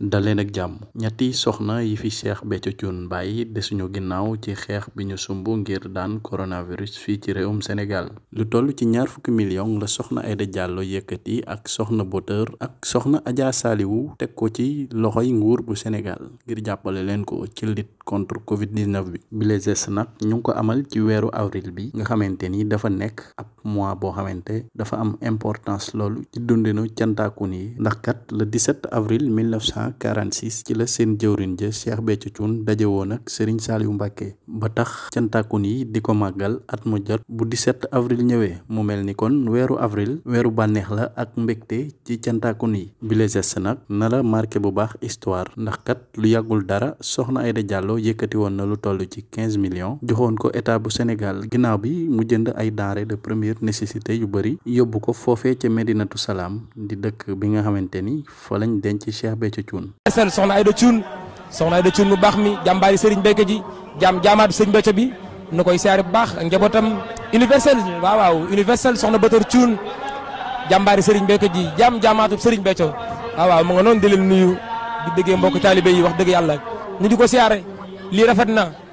daleen ak jàmm ñetti soxna yi fi Cheikh Béthio Thioune bàyyi desuñu ginnaaw ci xeex bi ñu sumb ngir daan coronavirus fii ci réewum Sénégal lu toll ci ñaar fukki million la soxna Aïda Diallo yëkkati ak soxna Boteur ak soxna Adja Saliwu teg ko ci loxo yi nguur bu Sénégal ngir jàppale leen ko ci lutte contre Covid 19 bi bile geste nag ñu ngi ko amal ci weeru avril bi nga xamante ni dafa nekk ab mois boo xamante dafa am importance loolu ci dundinu cantaakun yi ndax kat le 17 avril 1946 ci la seen jëwrin ja Cheikh Béthio Thioune daje woon ak Serigne Saliou Mbacké ba tax cantaakun yi di ko màggal at mu jot bu 17 avril ñëwee mu mel ni kon weeru avril weeru bànneex la ak mbégte ci cantaakun yi bile geste nag na la marqué bu baax histoire ndax kat lu yàggul dara soxna Aïda Diallo yëkkati woon na lu toll ci 15 millions joxoon ko état bu Sénégal ginnaaw bi mu jënd ay denrées ngir nécessité yu bëri yóbbu ko foofee ca Medinatu Salaam di dëkk bi nga xamante ni fa lañ denc Cheikh Béthio Thioune seen soxna Aïda Thioune soxna Aïda Thioune bu baax mi jàmbaari Serigne Béthio ji jaam jaamaatu Serigne Béthio bi nu koy siyaare bu baax ak njabootam universel waaw waaw universel soxna Bator Thioune jàmbaari Serigne Béthio ji jaam jaamaatu Serigne Béthio waaw waaw mu nga noonu di leen nuyu di déggee mbokk taalibe yi wax dëgg yàlla ñu di ko lii rafet na